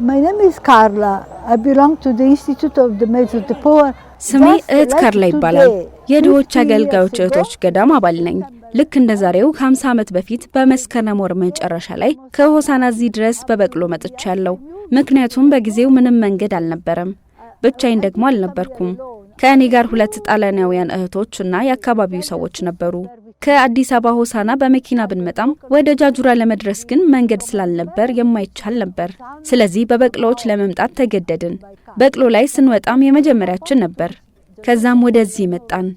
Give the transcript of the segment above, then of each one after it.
My name is Carla. I belong to the Institute of the Maids of the Poor. ስሜ እህት ካርላ ይባላል። የድሆች አገልጋዮች እህቶች ገዳም አባል ነኝ። ልክ እንደ ዛሬው ከ50 ዓመት በፊት በመስከረም ወር መጨረሻ ላይ ከሆሳና እዚህ ድረስ በበቅሎ መጥቻለሁ። ምክንያቱም በጊዜው ምንም መንገድ አልነበረም። ብቻዬን ደግሞ አልነበርኩም። ከእኔ ጋር ሁለት ጣሊያናውያን እህቶች እና የአካባቢው ሰዎች ነበሩ። ከአዲስ አበባ ሆሳና በመኪና ብንመጣም ወደ ጃጁራ ለመድረስ ግን መንገድ ስላልነበር የማይቻል ነበር። ስለዚህ በበቅሎዎች ለመምጣት ተገደድን። በቅሎ ላይ ስንወጣም የመጀመሪያችን ነበር። ከዛም ወደዚህ መጣን።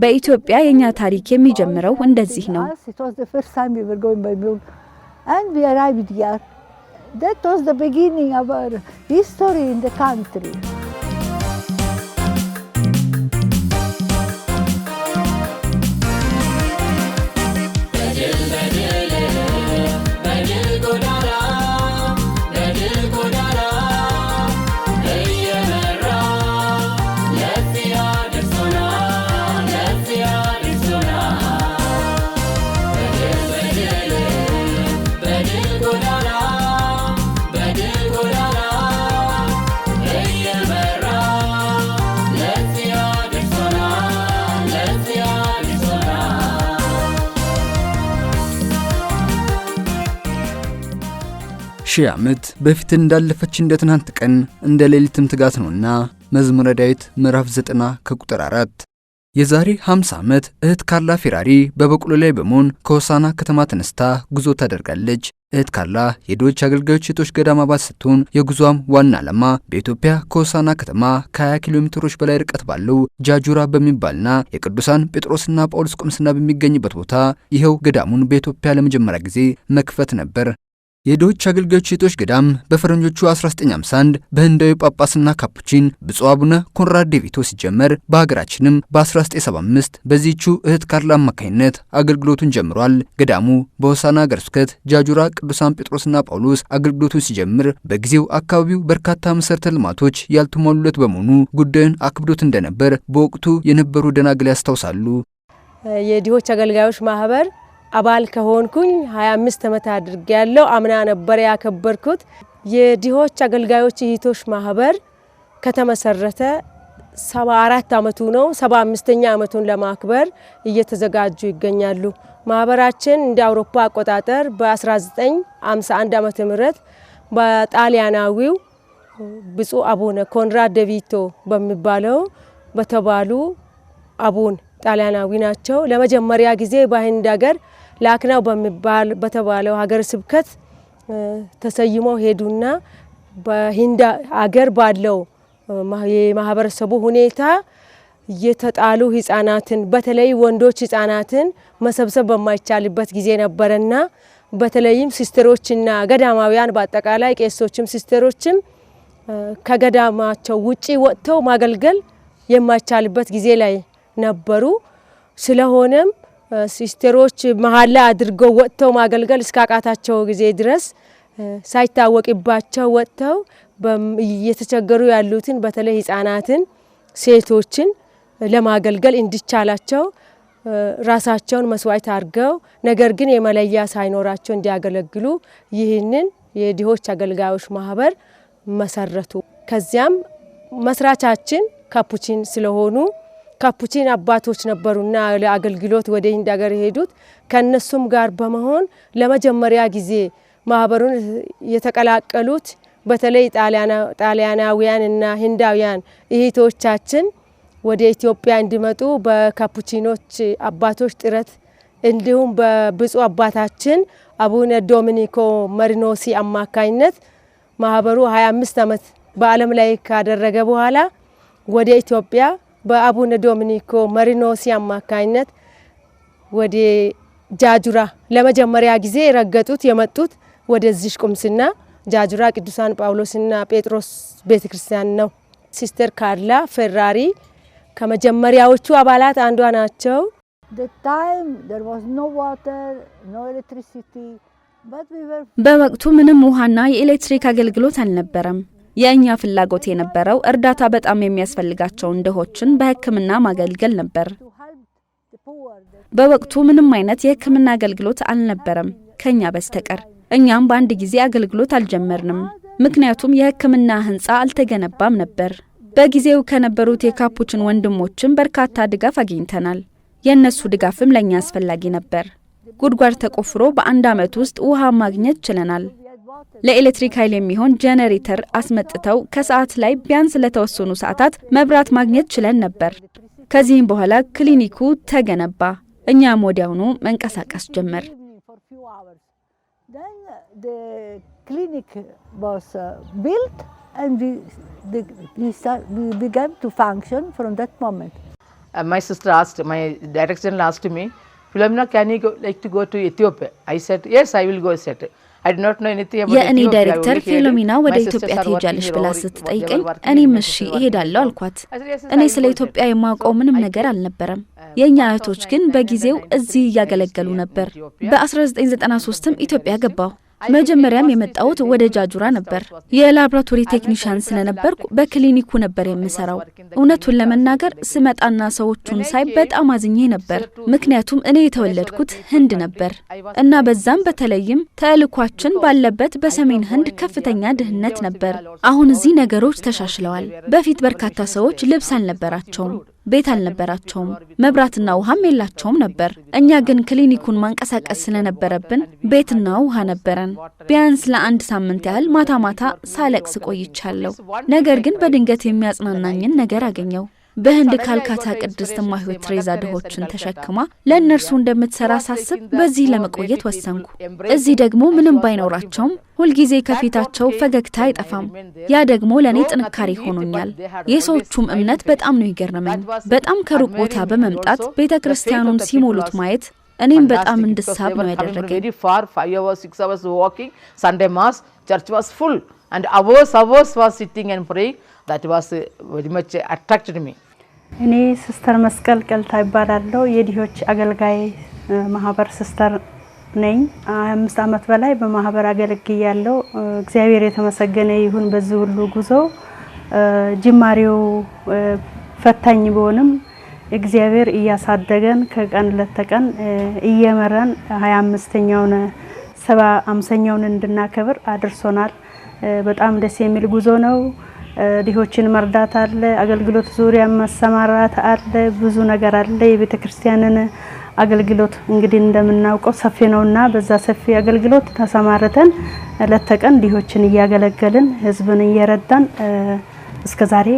በኢትዮጵያ የእኛ ታሪክ የሚጀምረው እንደዚህ ነው። ሺህ ዓመት በፊት እንዳለፈች እንደ ትናንት ቀን እንደ ሌሊትም ትጋት ነውና መዝሙረ ዳዊት ምዕራፍ 90 ከቁጥር 4። የዛሬ 50 ዓመት እህት ካርላ ፌራሪ በበቅሎ ላይ በመሆን ከሆሳና ከተማ ተነስታ ጉዞ ታደርጋለች። እህት ካርላ የድሆች አገልጋዮች ሴቶች ገዳም አባል ስትሆን የጉዞም ዋና ዓላማ በኢትዮጵያ ከሆሳና ከተማ ከ20 ኪሎ ሜትሮች በላይ ርቀት ባለው ጃጁራ በሚባልና የቅዱሳን ጴጥሮስና ጳውሎስ ቁምስና በሚገኝበት ቦታ ይኸው ገዳሙን በኢትዮጵያ ለመጀመሪያ ጊዜ መክፈት ነበር። የዶች አገልጋዮች ሴቶች ገዳም በፈረንጆቹ 1951 በህንዳዊ ጳጳስና ካፑቺን ብፁዕ አቡነ ኮንራድ ዴቪቶ ሲጀመር በሀገራችንም በ1975 በዚቹ እህት ካርላ አማካኝነት አገልግሎቱን ጀምሯል። ገዳሙ በሆሳና ሀገረ ስብከት ጃጁራ ቅዱሳን ጴጥሮስና ጳውሎስ አገልግሎቱን ሲጀምር በጊዜው አካባቢው በርካታ መሠረተ ልማቶች ያልተሟሉለት በመሆኑ ጉዳዩን አክብዶት እንደነበር በወቅቱ የነበሩ ደናግል ያስታውሳሉ። የድሆች አገልጋዮች ማህበር አባል ከሆንኩኝ 25 ዓመት አድርጌ ያለው አምና ነበር ያከበርኩት። የድሆች አገልጋዮች እህቶች ማህበር ከተመሰረተ 74 ዓመቱ ነው። 75ኛ ዓመቱን ለማክበር እየተዘጋጁ ይገኛሉ። ማህበራችን እንደ አውሮፓ አቆጣጠር በ1951 ዓመተ ምህረት በጣሊያናዊው ብፁዕ አቡነ ኮንራድ ደቪቶ በሚባለው በተባሉ አቡን ጣሊያናዊ ናቸው ለመጀመሪያ ጊዜ በህንድ ሀገር ላክናው በሚባል በተባለው ሀገር ስብከት ተሰይመው ሄዱና በሂንዳ አገር ባለው የማህበረሰቡ ሁኔታ የተጣሉ ህጻናትን በተለይ ወንዶች ህጻናትን መሰብሰብ በማይቻልበት ጊዜ ነበረና በተለይም ሲስተሮችና ገዳማውያን በአጠቃላይ ቄሶችም ሲስተሮችም ከገዳማቸው ውጪ ወጥተው ማገልገል የማይቻልበት ጊዜ ላይ ነበሩ። ስለሆነም ሲስተሮች መሀል ላይ አድርገው ወጥተው ማገልገል እስካቃታቸው ጊዜ ድረስ ሳይታወቅባቸው ወጥተው እየተቸገሩ ያሉትን በተለይ ህጻናትን፣ ሴቶችን ለማገልገል እንዲቻላቸው ራሳቸውን መስዋዕት አድርገው ነገር ግን የመለያ ሳይኖራቸው እንዲያገለግሉ ይህንን የድሆች አገልጋዮች ማህበር መሰረቱ። ከዚያም መስራቻችን ካፑቺን ስለሆኑ ካፑቺን አባቶች ነበሩና ለአገልግሎት ወደ ህንድ ሀገር የሄዱት ከእነሱም ጋር በመሆን ለመጀመሪያ ጊዜ ማህበሩን የተቀላቀሉት በተለይ ጣሊያናውያን እና ህንዳውያን እህቶቻችን ወደ ኢትዮጵያ እንዲመጡ በካፑቺኖች አባቶች ጥረት እንዲሁም በብፁዕ አባታችን አቡነ ዶሚኒኮ መሪኖሲ አማካኝነት ማህበሩ 25 ዓመት በዓለም ላይ ካደረገ በኋላ ወደ ኢትዮጵያ በአቡነ ዶሚኒኮ መሪኖሲ አማካኝነት ወደ ጃጁራ ለመጀመሪያ ጊዜ ረገጡት የመጡት ወደዚሽ ቁምስና ጃጁራ ቅዱሳን ጳውሎስና ጴጥሮስ ቤተ ክርስቲያን ነው። ሲስተር ካርላ ፌራሪ ከመጀመሪያዎቹ አባላት አንዷ ናቸው። በወቅቱ ምንም ውሃና የኤሌክትሪክ አገልግሎት አልነበረም። የእኛ ፍላጎት የነበረው እርዳታ በጣም የሚያስፈልጋቸውን ድሆችን በሕክምና ማገልገል ነበር። በወቅቱ ምንም አይነት የሕክምና አገልግሎት አልነበረም ከኛ በስተቀር። እኛም በአንድ ጊዜ አገልግሎት አልጀመርንም፣ ምክንያቱም የሕክምና ህንፃ አልተገነባም ነበር። በጊዜው ከነበሩት የካፑችን ወንድሞችም በርካታ ድጋፍ አግኝተናል። የእነሱ ድጋፍም ለእኛ አስፈላጊ ነበር። ጉድጓድ ተቆፍሮ በአንድ ዓመት ውስጥ ውሃ ማግኘት ችለናል። ለኤሌክትሪክ ኃይል የሚሆን ጄኔሬተር አስመጥተው ከሰዓት ላይ ቢያንስ ለተወሰኑ ሰዓታት መብራት ማግኘት ችለን ነበር። ከዚህም በኋላ ክሊኒኩ ተገነባ። እኛም ወዲያውኑ መንቀሳቀስ ጀመር። ፊሎሚና ካን ዩ ላይክ ቱ ጎ ቱ ኢትዮጵያ? አይ ሴድ የስ አይ ዊል ጎ ሴድ የእኔ ዳይሬክተር ፊሎሚና ወደ ኢትዮጵያ ትሄጃለሽ ብላ ስትጠይቀኝ እኔም እሺ እሄዳለሁ አልኳት። እኔ ስለ ኢትዮጵያ የማውቀው ምንም ነገር አልነበረም። uh, የእኛ እህቶች ግን በጊዜው እዚህ እያገለገሉ ነበር። በ1993ም ኢትዮጵያ ገባሁ። መጀመሪያም የመጣሁት ወደ ጃጁራ ነበር። የላብራቶሪ ቴክኒሽያን ስለነበርኩ በክሊኒኩ ነበር የምሰራው። እውነቱን ለመናገር ስመጣና ሰዎቹን ሳይ በጣም አዝኜ ነበር። ምክንያቱም እኔ የተወለድኩት ህንድ ነበር እና በዛም በተለይም ተልኳችን ባለበት በሰሜን ህንድ ከፍተኛ ድህነት ነበር። አሁን እዚህ ነገሮች ተሻሽለዋል። በፊት በርካታ ሰዎች ልብስ አልነበራቸውም። ቤት አልነበራቸውም፣ መብራትና ውሃም የላቸውም ነበር። እኛ ግን ክሊኒኩን ማንቀሳቀስ ስለነበረብን ቤትና ውሃ ነበረን። ቢያንስ ለአንድ ሳምንት ያህል ማታ ማታ ሳለቅስ ቆይቻለሁ። ነገር ግን በድንገት የሚያጽናናኝን ነገር አገኘው። በህንድ ካልካታ ቅድስት ማህይወት ትሬዛ ድሆችን ተሸክማ ለእነርሱ እንደምትሰራ ሳስብ በዚህ ለመቆየት ወሰንኩ። እዚህ ደግሞ ምንም ባይኖራቸውም ሁልጊዜ ከፊታቸው ፈገግታ አይጠፋም። ያ ደግሞ ለእኔ ጥንካሬ ሆኖኛል። የሰዎቹም እምነት በጣም ነው ይገርመኝ። በጣም ከሩቅ ቦታ በመምጣት ቤተ ክርስቲያኑን ሲሞሉት ማየት እኔም በጣም እንድሳብ ነው ያደረገኝ። እኔ ስስተር መስቀል ቀልታ ይባላለሁ። የድሆች አገልጋይ ማህበር ስስተር ነኝ። አምስት ዓመት በላይ በማህበር አገልግያለሁ። እግዚአብሔር የተመሰገነ ይሁን። በዚህ ሁሉ ጉዞ ጅማሬው ፈታኝ ቢሆንም እግዚአብሔር እያሳደገን ከቀን ለተቀን እየመረን ሀያ አምስተኛውን ሰባ አምሰኛውን እንድናከብር አድርሶናል። በጣም ደስ የሚል ጉዞ ነው። ድሆችን መርዳት አለ፣ አገልግሎት ዙሪያ መሰማራት አለ፣ ብዙ ነገር አለ። የቤተ ክርስቲያንን አገልግሎት እንግዲህ እንደምናውቀው ሰፊ ነውና በዛ ሰፊ አገልግሎት ተሰማርተን ለተቀን ድሆችን እያገለገልን ህዝብን እየረዳን እስከዛሬ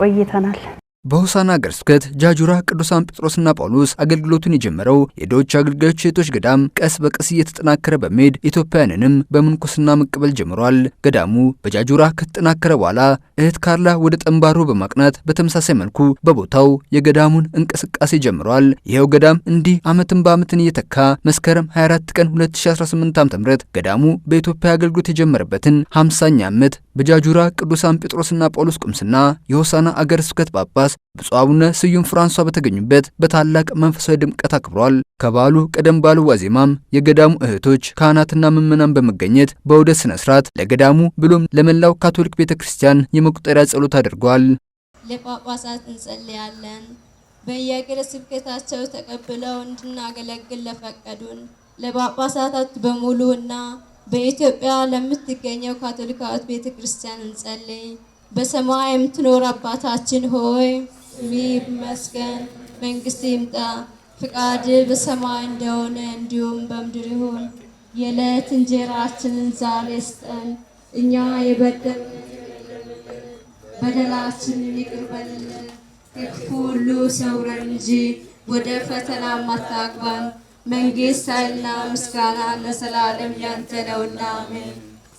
ቆይተናል። በሆሳና ሀገረ ስብከት ጃጁራ ቅዱሳን ጴጥሮስና ጳውሎስ አገልግሎቱን የጀመረው የድሆች አገልጋዮች ሴቶች ገዳም ቀስ በቀስ እየተጠናከረ በመሄድ ኢትዮጵያውያንንም በምንኩስና መቀበል ጀምሯል። ገዳሙ በጃጁራ ከተጠናከረ በኋላ እህት ካርላ ወደ ጠንባሮ በማቅናት በተመሳሳይ መልኩ በቦታው የገዳሙን እንቅስቃሴ ጀምሯል። ይኸው ገዳም እንዲህ ዓመትን በዓመትን እየተካ መስከረም 24 ቀን 2018 ዓ.ም ገዳሙ በኢትዮጵያ አገልግሎት የጀመረበትን 50ኛ ዓመት በጃጁራ ቅዱሳን ጴጥሮስና ጳውሎስ ቁምስና የሆሳና አገረ ስብከት ጳጳስ በመንቀሳቀስ ብፁዕ አቡነ ስዩም ፍራንሷ በተገኙበት በታላቅ መንፈሳዊ ድምቀት አክብሯል። ከበዓሉ ቀደም ባሉ ዋዜማም የገዳሙ እህቶች ካህናትና ምዕመናን በመገኘት በውደ ስነ ስርዓት ለገዳሙ ብሎም ለመላው ካቶሊክ ቤተ ክርስቲያን የመቁጠሪያ ጸሎት አድርጓል። ለጳጳሳት እንጸልያለን። በየአገረ ስብከታቸው ተቀብለው እንድናገለግል ለፈቀዱን ለጳጳሳት በሙሉ እና በኢትዮጵያ ለምትገኘው ካቶሊካዊት ቤተ ክርስቲያን እንጸልይ። በሰማይ የምትኖር አባታችን ሆይ ስምህ ይመስገን፣ መንግስት ይምጣ፣ ፍቃድ በሰማይ እንደሆነ እንዲሁም በምድር ይሁን። የዕለት እንጀራችንን ዛሬ ስጠን፣ እኛ የበደል በደላችንን ይቅር በለን፣ ከክፉ ሁሉ ሰውረን እንጂ ወደ ፈተና አታግባን፣ መንግስት፣ ኃይልና ምስጋና ለዘላለም ያንተ ነውና አሜን።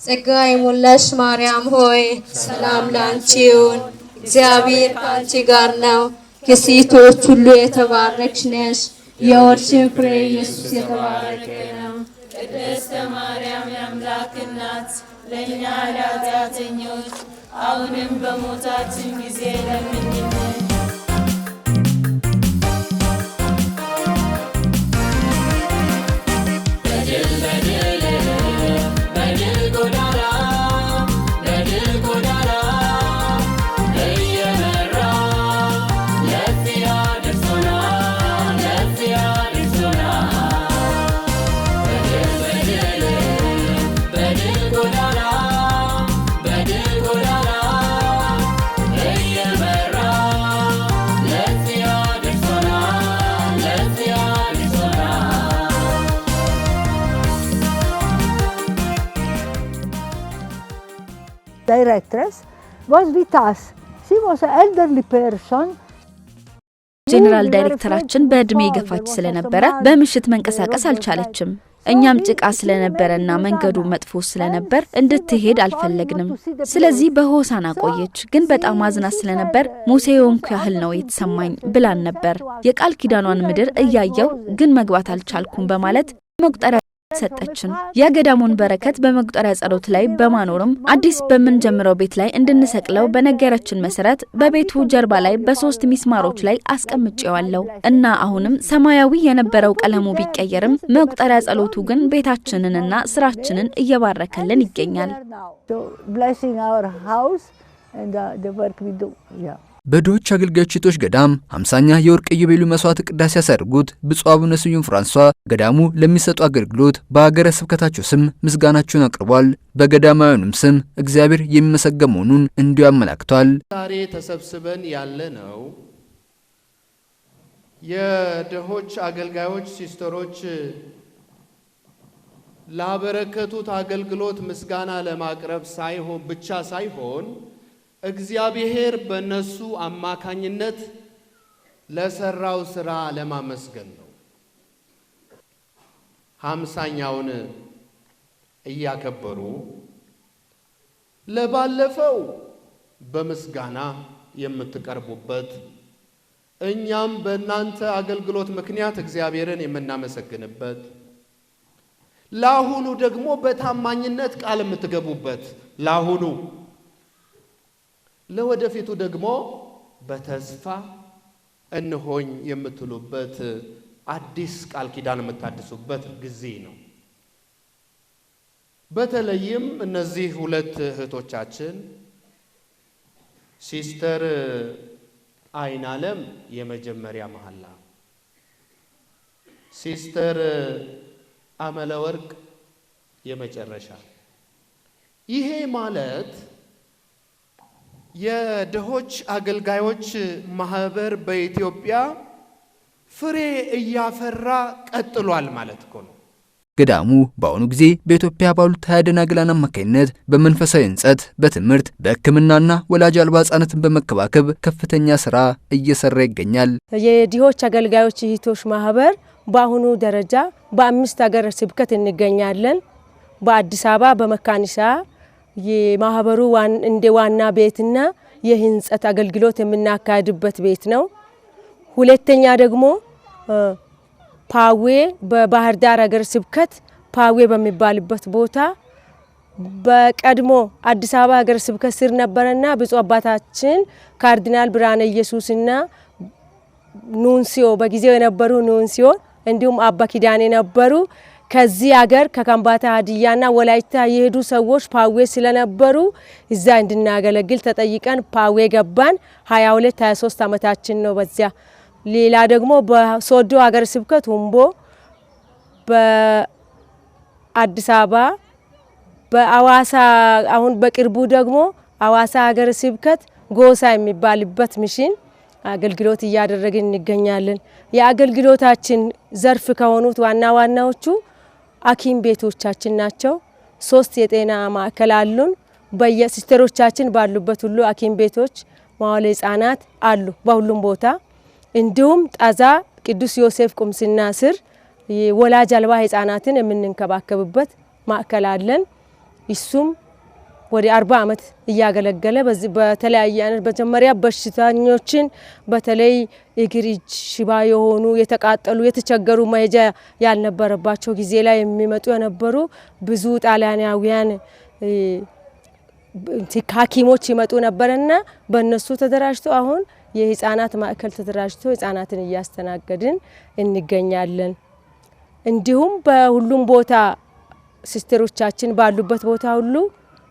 ጸጋ የሞላሽ ማርያም ሆይ ሰላም ላንቺ ይሁን፣ እግዚአብሔር ከአንቺ ጋር ነው። ከሴቶች ሁሉ የተባረክሽ ነሽ፣ የሆድሽን ፍሬ ኢየሱስ የተባረከ ነው። ቅድስተ ማርያም የአምላክ እናት ለእኛ ኃጢአተኞች አሁንም በሞታችን ጊዜ ለምኝልን። directress, was with us. She was an elderly person. ጄኔራል ዳይሬክተራችን በእድሜ ገፋች ስለነበረ በምሽት መንቀሳቀስ አልቻለችም። እኛም ጭቃ ስለነበረና መንገዱ መጥፎ ስለነበር እንድትሄድ አልፈለግንም። ስለዚህ በሆሳና ቆየች። ግን በጣም አዝና ስለነበር ሙሴ የሆንኩ ያህል ነው የተሰማኝ ብላን ነበር። የቃል ኪዳኗን ምድር እያየው ግን መግባት አልቻልኩም በማለት መቁጠሪያ ሰጠችን። የገዳሙን በረከት በመቁጠሪያ ጸሎት ላይ በማኖርም አዲስ በምንጀምረው ቤት ላይ እንድንሰቅለው በነገረችን መሰረት በቤቱ ጀርባ ላይ በሶስት ሚስማሮች ላይ አስቀምጬዋለሁ እና አሁንም ሰማያዊ የነበረው ቀለሙ ቢቀየርም መቁጠሪያ ጸሎቱ ግን ቤታችንንና ስራችንን እየባረከልን ይገኛል። በድሆች አገልጋዮች ሴቶች ገዳም 50ኛ የወርቅ ኢዮቤልዩ መስዋዕት ቅዳሴ ያሳድርጉት ብፁዕ አቡነ ስዩም ፍራንሷ ገዳሙ ለሚሰጡ አገልግሎት በሀገረ ስብከታቸው ስም ምስጋናቸውን አቅርቧል። በገዳማውያኑም ስም እግዚአብሔር የሚመሰገን መሆኑን እንዲሁ አመላክቷል። ዛሬ ተሰብስበን ያለ ነው የድሆች አገልጋዮች ሲስተሮች ላበረከቱት አገልግሎት ምስጋና ለማቅረብ ሳይሆን ብቻ ሳይሆን እግዚአብሔር በእነሱ አማካኝነት ለሰራው ስራ ለማመስገን ነው። ሃምሳኛውን እያከበሩ ለባለፈው በምስጋና የምትቀርቡበት እኛም በእናንተ አገልግሎት ምክንያት እግዚአብሔርን የምናመሰግንበት ለአሁኑ ደግሞ በታማኝነት ቃል የምትገቡበት ለአሁኑ ለወደፊቱ ደግሞ በተስፋ እንሆኝ የምትሉበት አዲስ ቃል ኪዳን የምታድሱበት ጊዜ ነው። በተለይም እነዚህ ሁለት እህቶቻችን ሲስተር አይን አለም የመጀመሪያ መሐላ፣ ሲስተር አመለ ወርቅ የመጨረሻ ይሄ ማለት የድሆች አገልጋዮች ማህበር በኢትዮጵያ ፍሬ እያፈራ ቀጥሏል ማለት እኮ ነው። ገዳሙ በአሁኑ ጊዜ በኢትዮጵያ ባሉት ሀያ ደናግላን አማካኝነት በመንፈሳዊ ሕንጸት፣ በትምህርት፣ በሕክምናና ወላጅ አልባ ሕጻናትን በመከባከብ ከፍተኛ ስራ እየሰራ ይገኛል። የድሆች አገልጋዮች እህቶች ማህበር በአሁኑ ደረጃ በአምስት ሀገረ ስብከት እንገኛለን። በአዲስ አበባ፣ በመካኒሳ የማህበሩ እንደ ዋና ቤትና የህንጸት አገልግሎት የምናካሄድበት ቤት ነው። ሁለተኛ ደግሞ ፓዌ በባህር ዳር ሀገር ስብከት ፓዌ በሚባልበት ቦታ በቀድሞ አዲስ አበባ ሀገር ስብከት ስር ነበረና ብፁዕ አባታችን ካርዲናል ብርሃነ ኢየሱስና ኑንሲዮ በጊዜው የነበሩ ኑንሲዮ እንዲሁም አባ ኪዳን ነበሩ። ከዚህ ሀገር ከከምባታ ሀዲያና ወላይታ የሄዱ ሰዎች ፓዌ ስለነበሩ እዛ እንድናገለግል ተጠይቀን ፓዌ ገባን። 22 23 ዓመታችን ነው። በዚያ ሌላ ደግሞ በሶዶ ሀገር ስብከት ሁምቦ፣ በአዲስ አበባ፣ በአዋሳ አሁን በቅርቡ ደግሞ አዋሳ ሀገር ስብከት ጎሳ የሚባልበት ሚሽን አገልግሎት እያደረግን እንገኛለን። የአገልግሎታችን ዘርፍ ከሆኑት ዋና ዋናዎቹ ሐኪም ቤቶቻችን ናቸው። ሶስት የጤና ማዕከል አሉን። በየሲስተሮቻችን ባሉበት ሁሉ ሐኪም ቤቶች መዋለ ህጻናት አሉ በሁሉም ቦታ። እንዲሁም ጣዛ ቅዱስ ዮሴፍ ቁምስና ስር ወላጅ አልባ ህጻናትን የምንንከባከብበት ማዕከል አለን። እሱም ወደ አርባ ዓመት እያገለገለ በዚህ በተለያየ አይነት መጀመሪያ በሽተኞችን በተለይ እግር ሽባ የሆኑ የተቃጠሉ፣ የተቸገሩ መሄጃ ያልነበረባቸው ጊዜ ላይ የሚመጡ የነበሩ ብዙ ጣሊያናውያን ሐኪሞች ይመጡ ነበርና በእነሱ ተደራጅቶ አሁን የህፃናት ማዕከል ተደራጅቶ ህፃናትን እያስተናገድን እንገኛለን። እንዲሁም በሁሉም ቦታ ሲስተሮቻችን ባሉበት ቦታ ሁሉ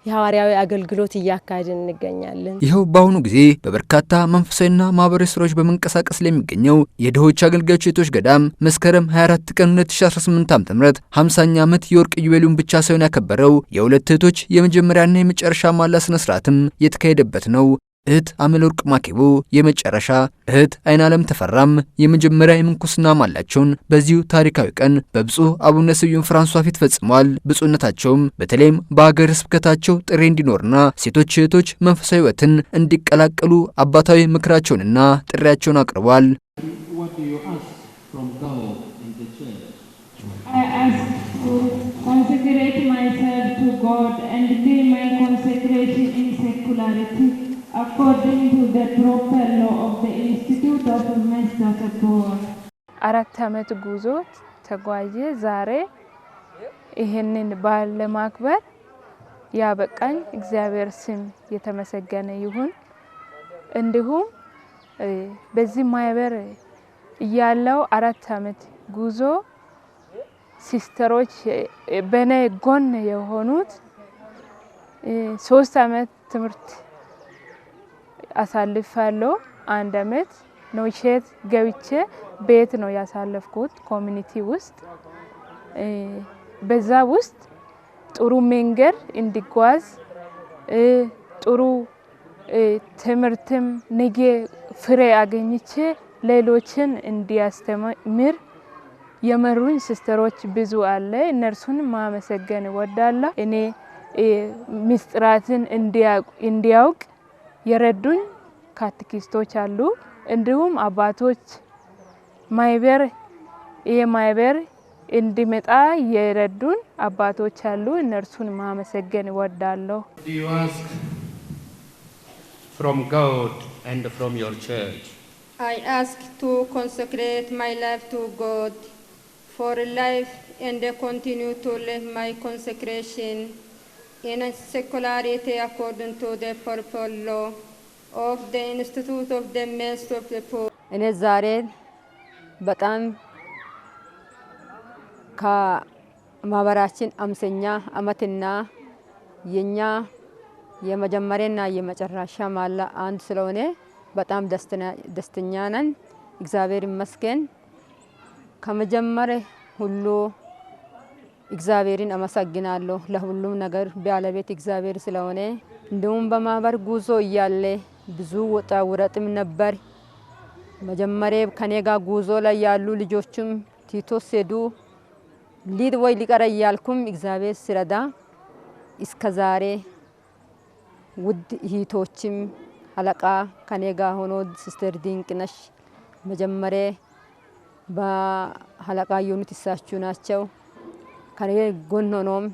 የሐዋርያዊ አገልግሎት እያካሄድን እንገኛለን። ይኸው በአሁኑ ጊዜ በበርካታ መንፈሳዊና ማህበራዊ ስራዎች በመንቀሳቀስ የሚገኘው የድሆች አገልጋዮች ሴቶች ገዳም መስከረም 24 ቀን 2018 ዓ.ም 50ኛ ዓመት የወርቅ ኢዮቤልዩን ብቻ ሳይሆን ያከበረው የሁለት እህቶች የመጀመሪያና የመጨረሻ ማላ ስነ ስርዓትም የተካሄደበት ነው። እህት አመለወርቅ ማኬቦ የመጨረሻ እህት አይናለም ተፈራም የመጀመሪያ የምንኩስና ማላቸውን በዚሁ ታሪካዊ ቀን በብፁዕ አቡነ ስዩም ፍራንሷ ፊት ፈጽመዋል። ብፁዕነታቸውም በተለይም በሀገረ ስብከታቸው ጥሪ እንዲኖርና ሴቶች እህቶች መንፈሳዊ ሕይወትን እንዲቀላቀሉ አባታዊ ምክራቸውንና ጥሪያቸውን አቅርቧል። consecrate myself to God and be my consecration in secularity. according to the proper law of the Institute of አራት አመት ጉዞ ተጓየ። ዛሬ ይህንን በዓል ለማክበር ያበቃኝ እግዚአብሔር ስም የተመሰገነ ይሁን። እንዲሁም በዚህ ማህበር እያለው አራት አመት ጉዞ ሲስተሮች በኔ ጎን የሆኑት ሶስት አመት ትምህርት አሳልፋለሁ። አንድ አመት ነው ሼት ገብቼ ቤት ነው ያሳለፍኩት ኮሚኒቲ ውስጥ። በዛ ውስጥ ጥሩ መንገድ እንዲጓዝ ጥሩ ትምህርትም ነገ ፍሬ አገኝቼ ሌሎችን እንዲያስተምር የመሩኝ ሲስተሮች ብዙ አለ። እነርሱን ማመሰገን እወዳለሁ። እኔ ምስጢራትን እንዲያውቅ የረዱኝ ካትኪስቶች አሉ። እንዲሁም አባቶች ማይበር ይሄ ማይበር እንዲመጣ የረዱን አባቶች አሉ። እነርሱን ማመሰገን እወዳለሁ። for life and continue ቱ live ማይ ኮንሰክሬሽን in secularity according to the purple law of the Institute of the Mess of the Poor። እኔ ዛሬ በጣም ከማህበራችን አምሰኛ አመትና የኛ የመጀመሪያና የመጨረሻ ማላ አንድ ስለሆነ በጣም ደስተኛ ነን። እግዚአብሔር ይመስገን። ከመጀመሪያ ሁሉ እግዚአብሔርን አመሰግናለሁ። ለሁሉም ነገር ባለቤት እግዚአብሔር ስለሆነ እንዲሁም በማህበር ጉዞ እያለ ብዙ ወጣ ውረጥም ነበር። መጀመሪያ ከኔጋ ጉዞ ላይ ያሉ ልጆችም ቲቶ ሴዱ ሊድ ወይ ሊቀረ እያልኩም እግዚአብሔር ስረዳ እስከ ዛሬ ውድ እህቶችም አለቃ ከኔጋ ሆኖ ሲስተር ድንቅነሽ መጀመሪያ በአለቃ የሆኑት እሳችሁ ናቸው። ከኔ ጎን ሆኖም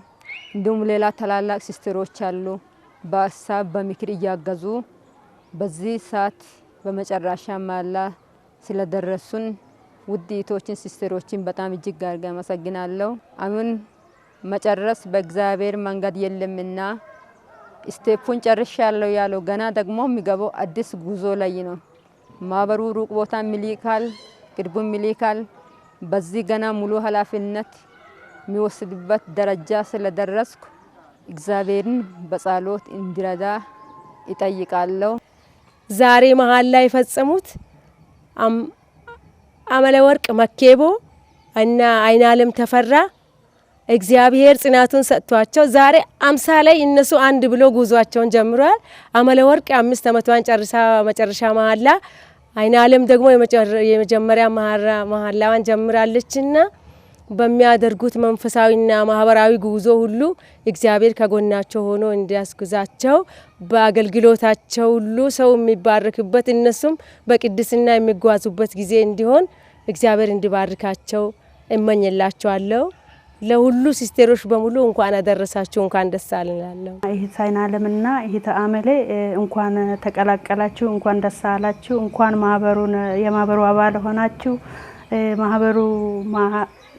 እንዲሁም ሌላ ታላላቅ ሲስተሮች አሉ በሀሳብ በምክር እያገዙ በዚህ ሰዓት በመጨረሻ ማላ ስለደረሱን ውዲቶችን ሲስተሮችን በጣም እጅግ አድርጌ አመሰግናለሁ። አሁን መጨረስ በእግዚአብሔር መንገድ የለምና ስቴፑን ጨርሻለሁ ያለው ገና ደግሞ የሚገባው አዲስ ጉዞ ላይ ነው። ማህበሩ ሩቅ ቦታ ሚሊካል ቅርቡም ሚሊካል በዚህ ገና ሙሉ ኃላፊነት የሚወስድበት ደረጃ ስለደረስኩ እግዚአብሔርን በጸሎት እንዲረዳ ይጠይቃለሁ። ዛሬ መሀል ላይ የፈጸሙት አመለ ወርቅ መኬቦ እና አይናለም ተፈራ እግዚአብሔር ጽናቱን ሰጥቷቸው ዛሬ አምሳ ላይ እነሱ አንድ ብሎ ጉዟቸውን ጀምሯል። አመለ ወርቅ አምስት አመቷን ጨርሳ መጨረሻ መሀላ አይናለም ደግሞ የመጀመሪያ መሀላዋን ጀምራለችና በሚያደርጉት መንፈሳዊና ማህበራዊ ጉዞ ሁሉ እግዚአብሔር ከጎናቸው ሆኖ እንዲያስጉዛቸው በአገልግሎታቸው ሁሉ ሰው የሚባርክበት እነሱም በቅድስና የሚጓዙበት ጊዜ እንዲሆን እግዚአብሔር እንዲባርካቸው እመኝላቸዋለሁ። ለሁሉ ሲስቴሮች በሙሉ እንኳን አደረሳችሁ፣ እንኳን ደስ አልናለሁ። እህት ሳይናለምና ይሄ ተአመሌ እንኳን ተቀላቀላችሁ፣ እንኳን ደስ አላችሁ፣ እንኳን ማህበሩን የማህበሩ አባል ሆናችሁ ማህበሩ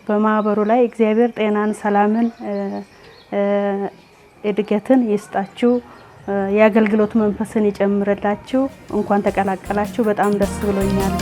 በማህበሩ ላይ እግዚአብሔር ጤናን፣ ሰላምን፣ እድገትን ይስጣችሁ። የአገልግሎት መንፈስን ይጨምርላችሁ። እንኳን ተቀላቀላችሁ። በጣም ደስ ብሎኛል።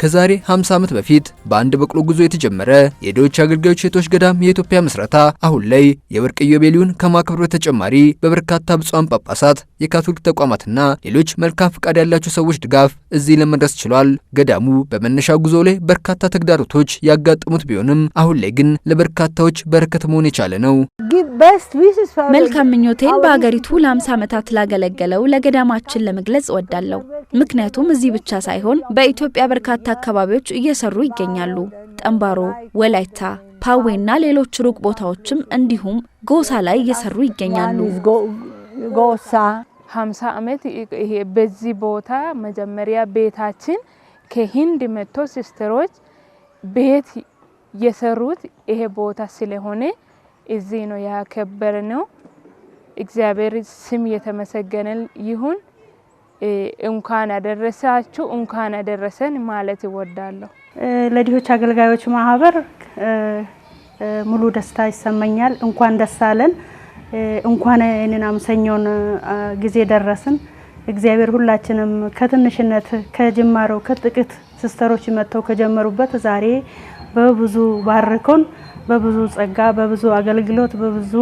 ከዛሬ 50 ዓመት በፊት በአንድ በቅሎ ጉዞ የተጀመረ የድሆች አገልጋዮች ሴቶች ገዳም የኢትዮጵያ ምስረታ አሁን ላይ የወርቅ ኢዮቤልዩን ከማክበር በተጨማሪ በበርካታ ብፁዓን ጳጳሳት፣ የካቶሊክ ተቋማትና ሌሎች መልካም ፈቃድ ያላቸው ሰዎች ድጋፍ እዚህ ለመድረስ ችሏል። ገዳሙ በመነሻ ጉዞ ላይ በርካታ ተግዳሮቶች ያጋጠሙት ቢሆንም አሁን ላይ ግን ለበርካታዎች በረከት መሆን የቻለ ነው። መልካም ምኞቴን በአገሪቱ ለ50 ዓመታት ላገለገለው ለገዳማችን ለመግለጽ እወዳለሁ። ምክንያቱም እዚህ ብቻ ሳይሆን በኢትዮጵያ በርካታ አካባቢዎች እየሰሩ ይገኛሉ። ጠንባሮ፣ ወላይታ፣ ፓዌ እና ሌሎች ሩቅ ቦታዎችም እንዲሁም ጎሳ ላይ እየሰሩ ይገኛሉ። ጎሳ ሀምሳ ዓመት በዚህ ቦታ መጀመሪያ ቤታችን ከህንድ መቶ ሲስተሮች ቤት የሰሩት ይሄ ቦታ ስለሆነ እዚህ ነው ያከበረ ነው። እግዚአብሔር ስም የተመሰገነ ይሁን። እንኳን አደረሳችሁ እንኳን አደረሰን ማለት እወዳለሁ። ለድሆች አገልጋዮች ማህበር ሙሉ ደስታ ይሰማኛል። እንኳን ደስ አለን። እንኳን ይህንን አምሰኞን ጊዜ ደረስን። እግዚአብሔር ሁላችንም ከትንሽነት ከጅማሮ ከጥቂት ሲስተሮች መጥተው ከጀመሩበት ዛሬ በብዙ ባርኮን በብዙ ጸጋ፣ በብዙ አገልግሎት፣ በብዙ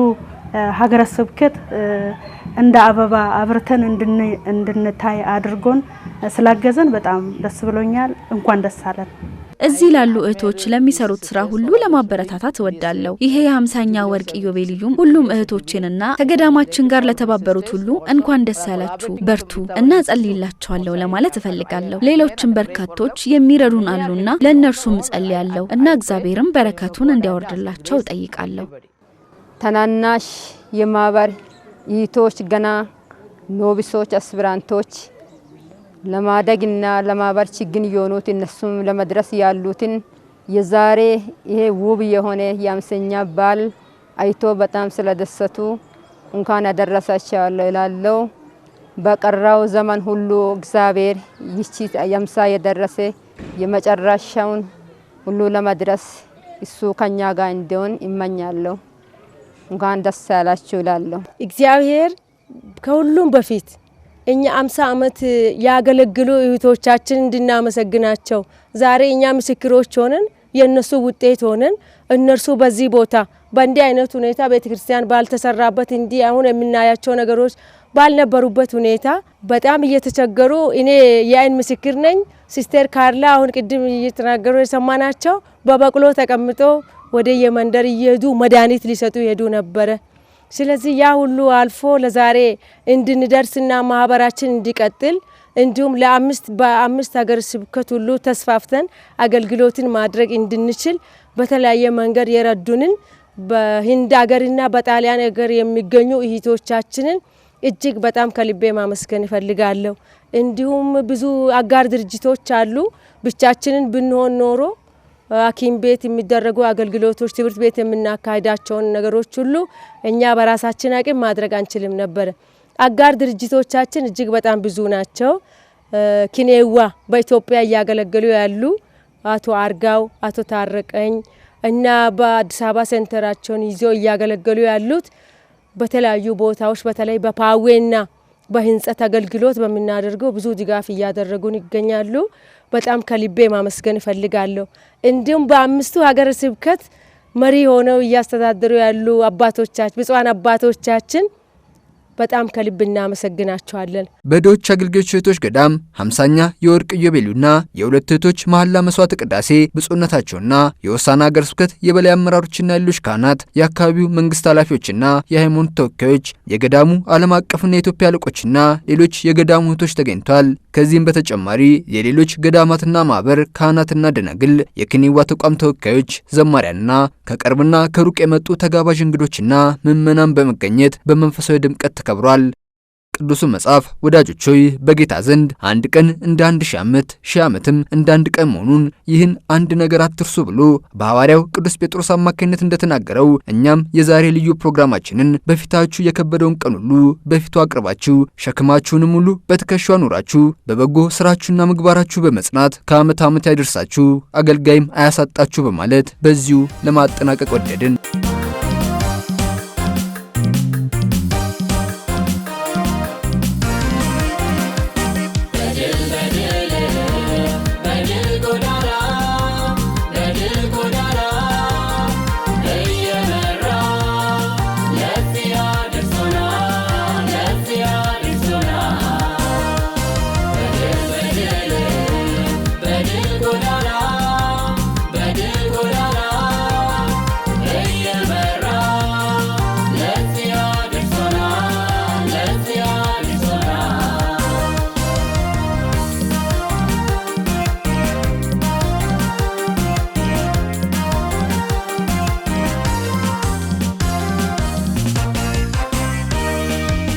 ሀገረ ስብከት እንደ አበባ አብርተን እንድንታይ አድርጎን ስላገዘን በጣም ደስ ብሎኛል። እንኳን ደስ አለን። እዚህ ላሉ እህቶች ለሚሰሩት ስራ ሁሉ ለማበረታታት እወዳለሁ። ይሄ የሀምሳኛ ወርቅ ኢዮቤልዩም ሁሉም እህቶችንና ከገዳማችን ጋር ለተባበሩት ሁሉ እንኳን ደስ ያላችሁ፣ በርቱ እና ጸልይላችኋለሁ ለማለት እፈልጋለሁ። ሌሎችም በርካቶች የሚረዱን አሉና ለእነርሱም ጸልያለሁ እና እግዚአብሔርም በረከቱን እንዲያወርድላቸው እጠይቃለሁ። ተናናሽ የማህበር ይቶች ገና ኖቢሶች፣ አስብራንቶች ለማደግና ለማህበር ችግኝ የሆኑት እነሱም ለመድረስ ያሉትን የዛሬ ይሄ ውብ የሆነ የአምስተኛ በዓል አይቶ በጣም ስለደሰቱ እንኳን አደረሳቸው እላለሁ። በቀረው ዘመን ሁሉ እግዚአብሔር ይቺ የምሳ የደረሰ የመጨረሻውን ሁሉ ለመድረስ እሱ ከኛ ጋር እንዲሆን ይመኛለሁ። እንኳን ደስ ያላችሁ እላለሁ። እግዚአብሔር ከሁሉም በፊት እኛ አምሳ ዓመት ያገለግሉ እህቶቻችን እንድናመሰግናቸው ዛሬ እኛ ምስክሮች ሆነን የእነሱ ውጤት ሆነን እነርሱ በዚህ ቦታ በእንዲህ አይነት ሁኔታ ቤተ ክርስቲያን ባልተሰራበት እንዲህ አሁን የምናያቸው ነገሮች ባልነበሩበት ሁኔታ በጣም እየተቸገሩ እኔ የአይን ምስክር ነኝ። ሲስተር ካርላ አሁን ቅድም እየተናገሩ የሰማናቸው በበቅሎ ተቀምጦ ወደ የመንደር እየሄዱ መድኃኒት ሊሰጡ ይሄዱ ነበረ። ስለዚህ ያ ሁሉ አልፎ ለዛሬ እንድንደርስና ማህበራችን እንዲቀጥል እንዲሁም ለአምስት በአምስት ሀገር ስብከት ሁሉ ተስፋፍተን አገልግሎትን ማድረግ እንድንችል በተለያየ መንገድ የረዱንን በህንድ ሀገርና በጣሊያን ሀገር የሚገኙ እህቶቻችንን እጅግ በጣም ከልቤ ማመስገን እፈልጋለሁ። እንዲሁም ብዙ አጋር ድርጅቶች አሉ። ብቻችንን ብንሆን ኖሮ ሐኪም ቤት የሚደረጉ አገልግሎቶች፣ ትምህርት ቤት የምናካሄዳቸውን ነገሮች ሁሉ እኛ በራሳችን አቅም ማድረግ አንችልም ነበር። አጋር ድርጅቶቻችን እጅግ በጣም ብዙ ናቸው። ኪኔዋ በኢትዮጵያ እያገለገሉ ያሉ አቶ አርጋው፣ አቶ ታረቀኝ እና በአዲስ አበባ ሴንተራቸውን ይዘው እያገለገሉ ያሉት በተለያዩ ቦታዎች በተለይ በፓዌና በህንጸት አገልግሎት በምናደርገው ብዙ ድጋፍ እያደረጉን ይገኛሉ። በጣም ከልቤ ማመስገን እፈልጋለሁ። እንዲሁም በአምስቱ ሀገረ ስብከት መሪ ሆነው እያስተዳደሩ ያሉ አባቶቻችን ብፁዓን አባቶቻችን በጣም ከልብ እናመሰግናቸዋለን። በዶች አገልጋዮች እህቶች ገዳም ሀምሳኛ የወርቅ ኢዮቤልዩና የሁለት እህቶች መሐላ መስዋዕት ቅዳሴ ብፁዕነታቸውና የሆሳዕና ሀገረ ስብከት የበላይ አመራሮችና ሌሎች ካህናት፣ የአካባቢው መንግስት ኃላፊዎችና የሃይማኖት ተወካዮች፣ የገዳሙ ዓለም አቀፍና የኢትዮጵያ አለቆችና ሌሎች የገዳሙ እህቶች ተገኝቷል። ከዚህም በተጨማሪ የሌሎች ገዳማትና ማህበር ካህናትና ደናግል፣ የክኒዋ ተቋም ተወካዮች፣ ዘማሪያንና ከቅርብና ከሩቅ የመጡ ተጋባዥ እንግዶችና ምዕመናን በመገኘት በመንፈሳዊ ድምቀት ተከብሯል። ቅዱሱ መጽሐፍ ወዳጆች ሆይ በጌታ ዘንድ አንድ ቀን እንደ አንድ ሺህ ዓመት ሺህ ዓመትም እንደ አንድ ቀን መሆኑን ይህን አንድ ነገር አትርሱ ብሎ በሐዋርያው ቅዱስ ጴጥሮስ አማካኝነት እንደተናገረው እኛም የዛሬ ልዩ ፕሮግራማችንን በፊታችሁ የከበደውን ቀን ሁሉ በፊቱ አቅርባችሁ ሸክማችሁንም ሁሉ በትከሻው አኑራችሁ በበጎ ስራችሁና ምግባራችሁ በመጽናት ከዓመት ዓመት ያደርሳችሁ አገልጋይም አያሳጣችሁ በማለት በዚሁ ለማጠናቀቅ ወደድን።